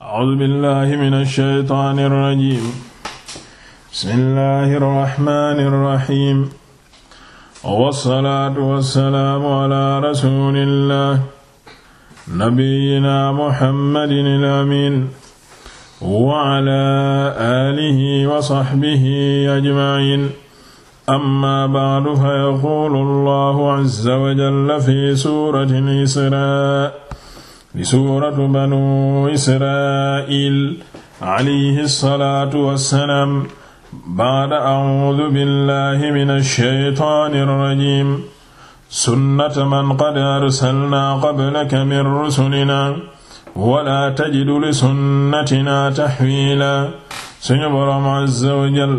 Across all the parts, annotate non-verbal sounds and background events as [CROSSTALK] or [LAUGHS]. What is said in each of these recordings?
A'uuzu billaahi mina shaytaani rajiim. Bismillaahi rahmaani rahiim. Wassalaatu wassalaamu alaa rasuulillaahi nabiyyinaa Muhammadin al-amiin wa alaa aalihi wa sahbihi ajma'iin. Ammaa ba'du, fa yaquulu Allaahu azza wa jalla fii suuratil Israa. di suuratu banu israil alayhi salaatu wassalaam baada audu billahi min alsheytaani alrajim sunnata man qad arsalnaa qablaka min rusulina wala tajidu li sunnatina taxwiila suñu boroom azza wa jal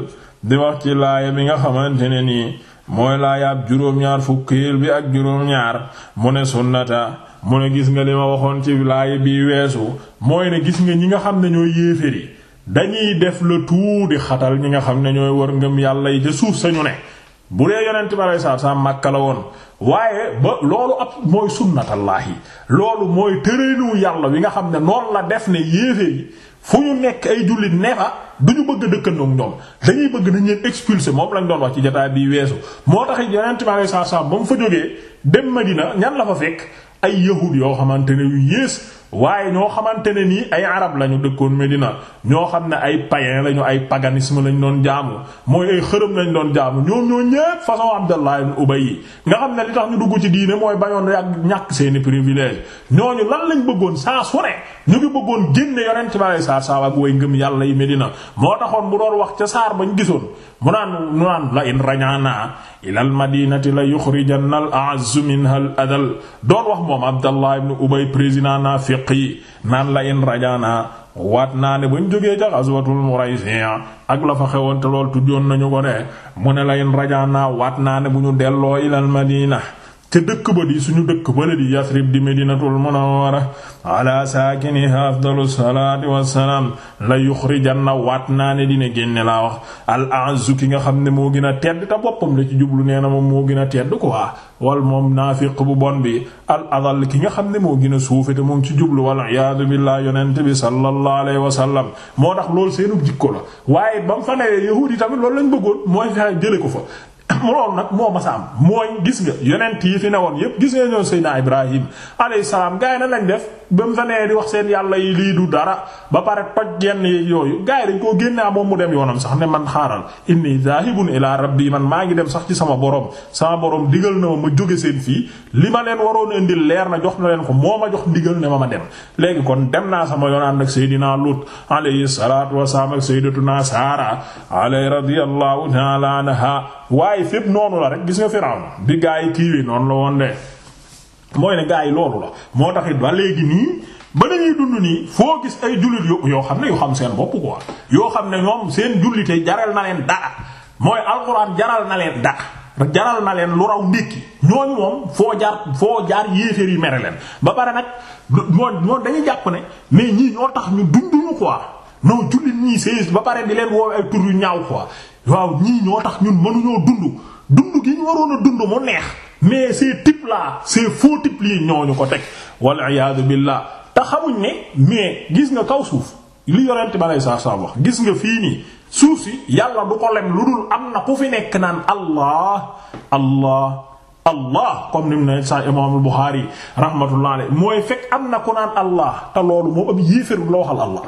di wax ci laaya bi nga xamante ne nii mooy laayaab juróom-ñaar fukkeel bi ak juróom-ñaar mu ne sunnata mu ne gis nga li ma waxoon ci laay bii weesu mooy ne gis nga ñi nga xam ne ñooy yéeféer yi dañuy def le tout di xatal ñi nga xam ne ñooy war ngëm yàlla yi ca suuf sañu ne bu dee yonent bi aleyhi makk la woon waaye ba loolu ab mooy sunnatallaahi loolu mooy tërënu yàlla wi nga xam ne noonu la def ne yéeféer yi fu ñu nekk ay jullit ne fa du ñu bëgg a dëkkandoo ñoom dañuy bëgg nañ leen expulser moom lañ doon wax ci jotaay bii weesu moo tax yonent bi aleyhi salaatu salaam ba mu fa jógee dem ñan la fa fekk ay yahud yoo xamante ne yu yées waaye ñoo xamante ne nii ay arab lañu dëkkoon Medina ñoo xam ne ay païen lañu ay paganisme lañ doon jaamu mooy ay xërëm lañ doon jaamu ñoom ñoo ñépp façon Abdallah ibn Ubay yi nga xam ne li tax ñu dugg ci diine mooy bañoon ak ñàkk seeni privilège ñooñu lan lañ bëggoon saa su ñu ngi bëggoon génne yonent bi saa salaatu ak way ngëm yàlla yi Medina moo taxoon bu doon wax ca saar ba ñu gisoon mu naan mu naan la in rajaana ila almadinati la yuxrijanna a a'azzu minha al adal doon wax moom abdallah ibn ubay président naafiq yi naan la in rajaana waat naa ne bañ jógee ca ghazwatul muraysiya ak la fa xewoon te lool tuddoon nañu ko ne mu ne la in rajaana waat naa ne bu ñu delloo ila almadina te dëkk ba di suñu dëkk bale di Yasrib di Madinatul Munawwara ala saakiniha afdalu salaati wassalaam la yuxrijanna waat naa ne dina génne laa wax al a'zu ki nga xam ne moo gën a tedd te boppam ci jublu nee na moo gën a tedd quoi wal moom naafiq bu bon bi al adal ki nga xam ne moo gën a suufe te moom ci jublu wal iyaadu billaah yonent bi sallallahu alayhi wa sallam moo tax loolu seenu jikko la waaye ba mu fa newee yahuud yi tamit loolu lañ bëggoon mooy fexe jële ko fa loolu nag moo masa am mooy gis nga yonent yi fi newoon yépp gis nga ñoom Seydina Ibrahim alayhi salaam gars na lañ def ba mu fa nee di wax seen yàlla yi lii du dara ba pare toj genn yooyu gars yi dañ koo génnaa moom mu dem yoonam sax ne man xaaral inni zaahibun ilaa rabbi man maa ngi dem sax ci sama boroom sama borom digal na ma ma jóge seen fii li ma leen waroon indil leer na jox na leen ko moo ma jox ndigal ne ma ma dem léegi kon dem naa sama yoon ànd ak Seydina Lut alayhi salaatu wa salaam ak Sayyidatuna Saara alayhi waaye fépp noonu la rek gis nga Firawna bi gaa yi kiiwee noonu la woon de mooy ne gaa yi loolu la moo taxit ba léegi nii ba nañuy dund nii foo gis ay jullit yo yoo xam ne yoo xam seen bopp quoi yoo xam ne ñoom seen jullite jaral na leen dara mooy alxuraan jaral na leen dara jaral na leen lu raw ndékki ñooñu moom foo jaar foo jaar yéeféer yi mere leen ba pare nag moo moo dañuy jàpp ne mais ñii ñoo tax ñu dunduñu quoi non jullit ñii sées ba pare di leen woowe ay tur yu ñaaw quoi waaw ñii ñoo tax ñun mënuñoo dund dund gi ñu waroon a dund mu neex mais ces types là ces faux types lii ñoo ñu ko teg wal iyaadu billah te xamuñ ne mais gis nga kaw suuf li yorente ba lay saa saa wax gis nga fii nii suuf si yàlla du ko lem lu dul am na ku fi nekk naan allah allah allah comme ni mu ne sa imaamul Buxaari rahmatullah alayhi mooy fekk am na ku naan allah te loolu moom ab yéefér bu la waxal allah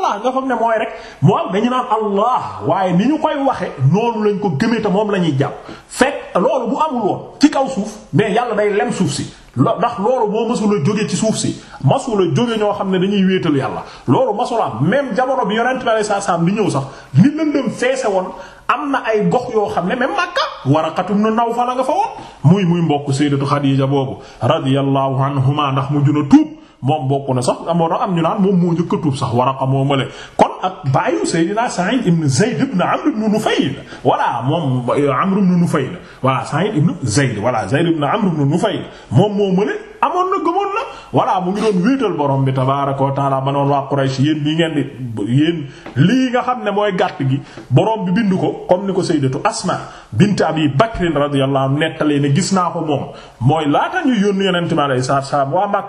allah nga foog rek moom dañu naan allah waaye ni ñu koy waxe noonu lañ ko gëmee te moom la ñuy jàpp fekk loolu bu amul woon ci kaw suuf mais yàlla day lem suuf si ndax loolu moo masul a jóge ci suuf si masul a jóge ñoo xam ne dañuy wéetal yàlla loolu masula même jamono bi yonent bi sallallahu saa wasallam di ñëw sax ni lëndëm feese woon am na ay gox yoo xam ne même Makka Waraqatum nu Nawfal nga fa woon muy muy mbokk Sayyidatu Xadiija boobu radiyallahu anhuma ndax mu juna tuub moom bokk na sax amoo na am ñu naan moom moo njëkk a tuub sax Waraqa moo mële kon ak baayu Seydina Sa'id ibn Zayd ibn Amr ibn Nufayl voilà moom Amr ibn Nufayl voilà Sa'id ibn Zayd voilà Zayd ibn Amr ibn Nufayl moom moo mële amoon na gëmoon na voilà mu ngi doon wéetal borom bi tabaaraka wa taala ba noonu waa Quraysh yéen ñi ngeen di yéen lii nga xam ne mooy gàtt gi borom bi bind ko comme ni ko sayyidatu Asma bint Abi Bakr radiyallahu anha nettalee ne gis naa ko moom mooy laata ñu yónni yonent mi alayhi salaatu salaam waa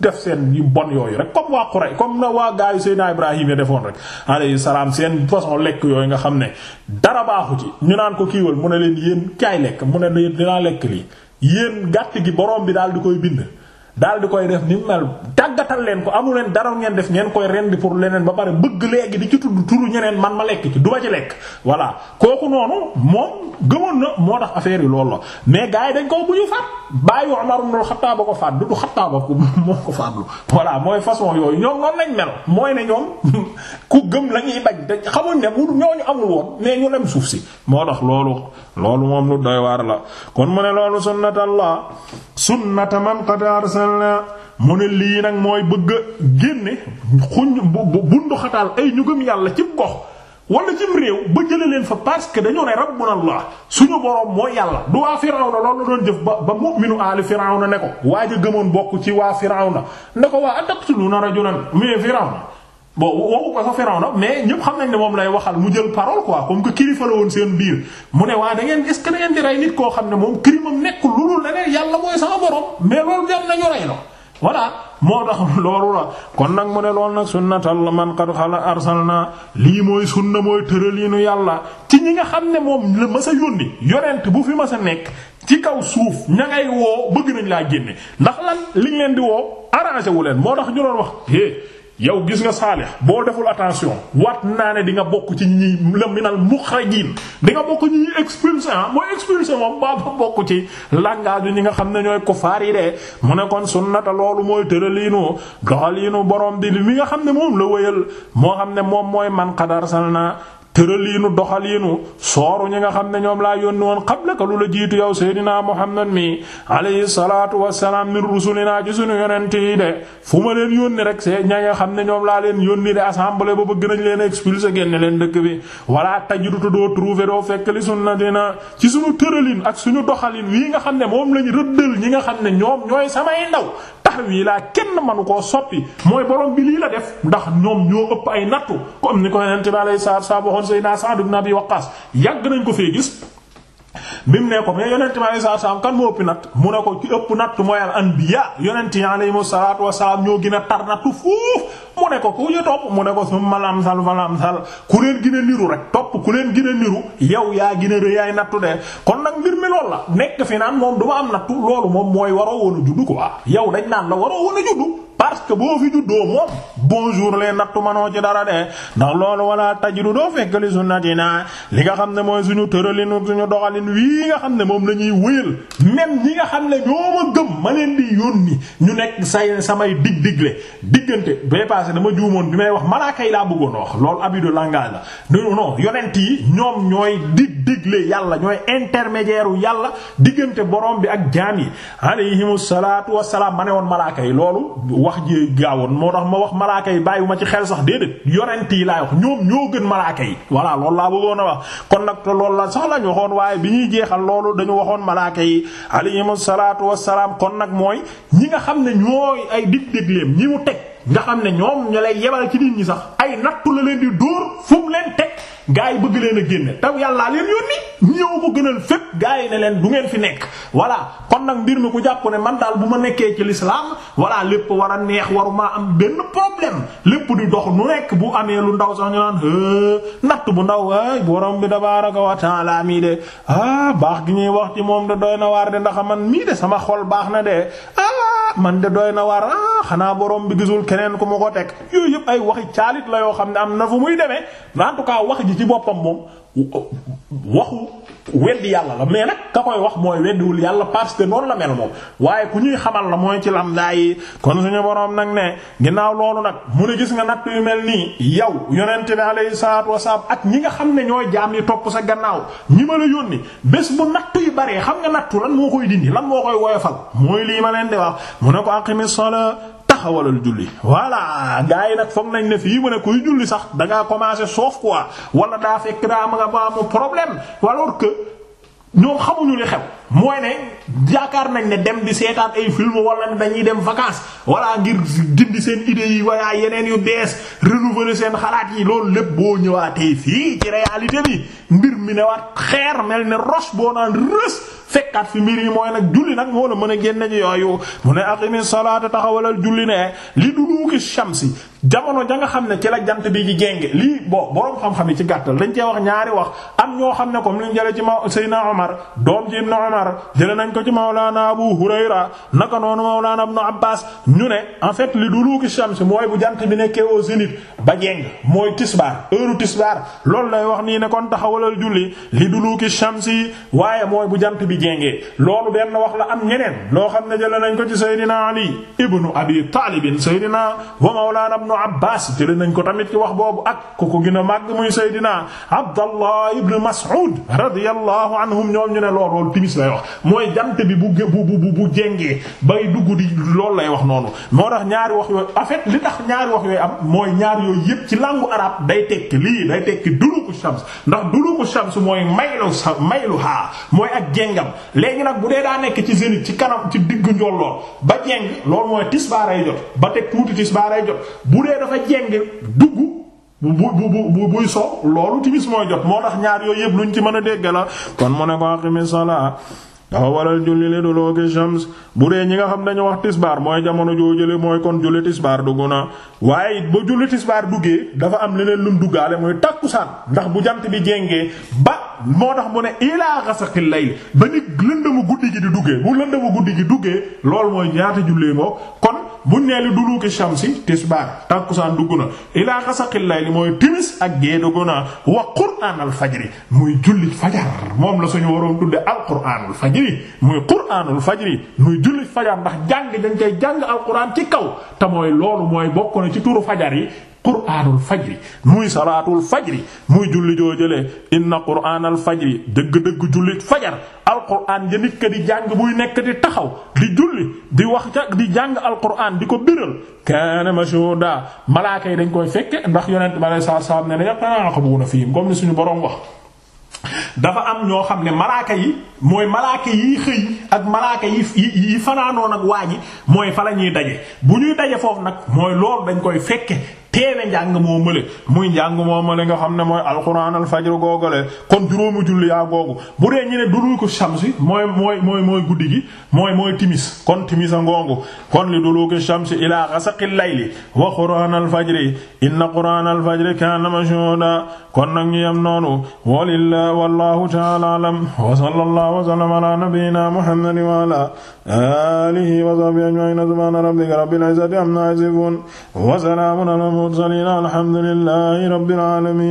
def seen yu yooyu rek comme waa Quraysh na waa gaayu Seydina Ibrahim ya defoon rek alayhi salaam seen façon lekk yooyu nga xam ne dara baaxu ci ñu naan ko kiiwal mu ne leen yéen kaay lekk mu ne dinaa lekk lii yéen gàtt gi borom bi daal di koy bind daal di koy def ni mu mel tàggatal leen ko amu leen dara ngeen def ngeen koy rendi pour leneen ba pare bëgg léegi di ci tudd turu ñeneen man ma lekk ci du ci lekk. voilà kooku noonu moom gëmoon na moo tax affaire yi loolu la mais gars yi dañ ko bu ñu ba ko faat du du Khattab ko moo ko faatlu. voilà mooy façon yooyu ñoom noonu lañ mel mooy ne ñoom [LAUGHS] ku gëm la ñuy bañ te xamuñ ne bu ñu amul woon mais ñu lem suuf si moo tax loolu loolu moom lu doy waar la kon mu ne loolu sunnatullah sunnata man qad arsalna mu ne lii nag mooy bëgg a génne xuñ bu bundu xataal ay ñu gëm yàlla ci gox wala ci réew ba jëlee leen fa parce que dañoo ne rabbuna allah suñu boroom mooy yàlla du waa Firawna loolu la doon jëf ba ba mu'minu aali Firawna ne ko waa ja gëmoon bokk ci waa Firawna ne ko waa ataqtuluna rajulan min Firawna bon waxu ko sa Firawna mais ñëpp xam nañ ne moom lay waxal mu jël parole quoi comme que kilifa la woon seen biir mu ne waa da ngeen est-ce que da ngeen di nit koo xam ne moom crime am nekkul loolu la mooy sama borom mais loolu dem nañu rey la moo tax [LAUGHS] loolu la kon nag mu ne loolu nag sunnatal man qad xala arsalna lii mooy sunna mooy nu yàlla ci ñi nga xam ne moom la masa yónni yonent bu fi ma sa nekk ci kaw suuf ña woo bëgg nañ laa génne ndax lan liñ leen di woo arrangé wu leen moo tax ñu doon wax yow gis nga saalix boo deful attention waat naa ne di nga bokk ci ñi la minal muxrajin di nga bokk ñi expulsé ah mooy expulsé moom baa ba bokk ci langage ñi nga xam ne ñooy kufaar yi de mu ne kon sunnata loolu mooy tëraliinu doxaliinu borom bi li nga xam ne moom la wéyal moo xam ne moom mooy man sa salna tëraliinu doxaliinu sooru ñi nga xam ne ñoom laa yónni woon qablaka lu la jiitu yow seydinaa muhammad mi alayhi salaatu wassalaam min rusulinaa ci suñu yonent yi de fu ma leen yónni rek see ña nga xam ne ñoom laa leen yónni de assemblée ba bëgg nañ leen expulser génne leen dëkk bi wala tajidutu doo trouver doo fekk li sunnatina ci suñu tëraliin ak suñu doxaliin wii nga xam ne moom lañu rëddal ñi nga xam ne ñoom ñooy samay ndaw tahwi laa kenn manu koo soppi mooy borom bi lii la def ndax ñoom ñoo ëpp ay nattu comme ni ko yonent bi alayhi salaatu wa salaam waxoon Seydina Sa'd ibn Abi Waqqas yàgg nañ ko fee bi mu ne ko mais yonent mi alayhi salaam kan moo ëpp natt mu ne ko ci ëpp natt mooy al anbiya yonent yi alayhimu salaatu wasalaam ñoo gën a tar nattu fuuf mu ne ko ku ñu topp mu ne ko summa lamsal fa lamsal ku leen niru rek topp ku leen gën a niru yow yaa gën a rëyaay nattu de kon nag mbir mi loolu la nekk fi naan moom du ma am nattu loolu moom mooy waroo woon a juddu quoi yow dañ naan la waroo woon a parce que boo fi juddoo moom bonjour les nattu manoo ci dara de ndax loolu wala tajidu doo fekk li naa li nga xam ne mooy suñu tëralinu suñu doxalin wii nga xam ne moom la ñuy wëyal même ñi nga xam ne ñoo ma gëm ma leen di yónni ñu nekk say samay dig digle diggante bee passé dama juumoon bi may wax malaaka yi laa bëggoon wax loolu abus de langage la non non yonent yi ñoom ñooy dig digle yàlla ñooy intermédiaire u yàlla diggante borom bi ak jaam yi alayhimu salaatu wassalaam ma ne woon malaaka yi loolu wax jee gaawoon moo tax ma wax malaaka yi ma ci xel sax déedéet yorent yi laay wax ñoom ñoo gën malaaka yi voilà loolu laa bëggoon a wax kon nag te loolu la sax lañ waxoon waaye bi ñuy jeexal loolu dañu waxoon malaaka yi alayhimu salaatu salaam kon nag mooy ñi nga xam ne ñooy ay dig dégleem ñi mu teg nga xam ne ñoom ñu lay yebal ci nit ñi sax ay nattu la leen di dóor fu mu leen teg gars yi bëgg leen a génne taw yàlla leen yónni ñëw ko gënal fépp gars yi ne leen du ngeen fi nekk voilà kon nag mbir mi ku jàpp ne man daal bu ma nekkee ci l'islam voilà lépp war a neex war waruma am benn problème lépp di dox nu nekk bu amee lu ndaw sax ñu naan natt bu ndaw ay borom bi tabaaraka wa taala mii de ah baax gi ñuy wax ci moom de doy na waar ndax man mii sama xol baax na de ah, man de doy na war ah xanaa borom bi gisul keneen ku mu ko teg yooyu yëpp ay waxi caalit la yoo xam ne am na fu muy demee en tout wax ji ci boppam moom waxu weddi yàlla la mais nag ka koy wax mooy weddiwul yàlla parce que noonu la mel moom waaye ku ñuy xamal la mooy ci lam daa yi kon suñu boroom nag ne ginnaaw loolu nag mu ne gis nga natt yu mel nii yow yonent bi alayhi salaatu wasalaam ak ñi nga xam ne ñooy jaam yi topp sa gannaaw ñi ma la yónni bés bu natt yu baree xam nga nattu lan moo koy dindi lan moo koy woyofal mooy lii ma leen di wax mu ne ko aqimis salaa taxawalal julli voilà gars yi nag foog nañ ne fii mu ne kuy julli sax da ngaa commencé soof quoi wala daa fekk daa na nga ba mu problème alors que xamuñu li xew. mooy ne yaakaar nañ ne dem di seetaan ay film wala ne dañuy dem vacances wala ngir dindi seen idées yi wala yeneen yu bees renouveler seen xalaat yi loolu lépp boo ñëwaatee fii ci réalité bi mbir mi ne waat xeer mel ne roche boo naan rës fekkaat fi mbir yi mooy nag julli nag moo la mën a génne ci yooyu mu ne aqimi tax taxawalal julli ne li duluuki shamsi jamono ja xam ne ci la jant bi ci génge lii boo borom xam-xam yi ci gàttal dañ cee wax ñaari wax am ñoo xam ne comme liñ jëlee ci ma Umar jëlee nañ ko ci Mawlana Abu Hurayra naka noonu Mawlana Ibn Abbas ñu ne en fait li duluuki shams mooy bu jant bi nekkee au zénith ba jeng mooy tisbaar heure tisbaar loolu lay wax nii ne kon taxawalal julli li duluuki shams waaye mooy bu jant bi jengee loolu benn wax la am ñeneen loo xam ne jëlee nañ ko ci Seydina Ali ibnu Abi Talib Seydina wa Mawlana Ibn Abbas jëlee nañ ko tamit ci wax boobu ak ku ko gën a muy Seydina Abdallah ibn Mas'ud radiyallahu wax mooy jant bi bu bu bu bu jengee bay dugg di loolu lay wax noonu moo tax ñaari wax yooyu en fait li tax ñaari wax yooyu am mooy ñaar yooyu yépp ci langue arabe day tekki lii day tekki duluku shams ndax duluku shams mooy maylu sa maylu haa mooy ak jengam léegi nag bu dee daa nekk ci zénith ci kanam ci diggu njolloor ba jeng loolu mooy tisbaaray jot ba teg tuuti tisbaaray jot bu dee dafa jeng bu bu bu buy so loolu timis mooy jot moo tax ñaar yooyu lu luñ ci mën a dégg la kon mu ne ko aqimi salaa dafa waral julli li du looki shams bu dee ñi nga xam dañu wax tisbaar mooy jamono joojule mooy kon julli tisbaar dugg na waaye it ba julli tisbaar duggee dafa am leneen lum duggaale mooy tàkkusaan ndax bu jant bi jéngee ba moo tax mu ne ilaa xasaqil layl ba nit lëndëmu guddi gi di duggee bu lëndëmu guddi gi duggee loolu mooy ñaata jullee moo bu nee li duluuki shamsi tisbaar tàkkusaan dugg na ilaa xasaqil layli mooy timis ak gée dugg na wa qur'aanal fajri muy jullit fajar moom la suñu waroon tudde al qur'aanul fajri muy qur'aanul fajri muy julli fajar ndax jàng dañ koy jàng al qur'aan ci kaw te mooy loolu mooy bokk na ci turu fajar yi quraanul fajri muy salaatul fajri muy julli joo jëlee inna quraanal fajri dëgg-dëgg jullit fajar alquran ja nit ka di jàng buy nekk di taxaw di julli di wax ca di jàng alquran di ko biral kaana mashhuuda malaaka yi dañ koy fekke ndax yonent bi alayhi salaatu salaam ne ne yaqra'uuna fiihim comme ni suñu boroom wax dafa am ñoo xam ne malaaka yi mooy malaaka yi xëy ak malaaka yi yi fanaanoon nag waa ji mooy fa la ñuy daje bu ñuy daje foofu nag mooy loolu dañ koy fekke teele njàng moo mële muy njàng moo mële nga xam ne mooy alquran alfajr googale kon juróomu julli yaa googu bu dee ñu ne dulul ko shamsi mooy mooy mooy mooy guddi gi mooy mooy timis kon timis a ngoongu kon li dulul ko shamsi ilaa ghasaqil layli wa quran alfajri inna quran alfajri kaana mashhuuda kon nag ñu yem noonu walillahi wallahu ta'ala alam wa sallallahu wa sallama ala nabiyyina muhammad wa alihi wa sahbihi ajma'in subhana rabbika rabbil izzati amma yasifun wa salamun mursalin alhamdulillahi rabbil alamin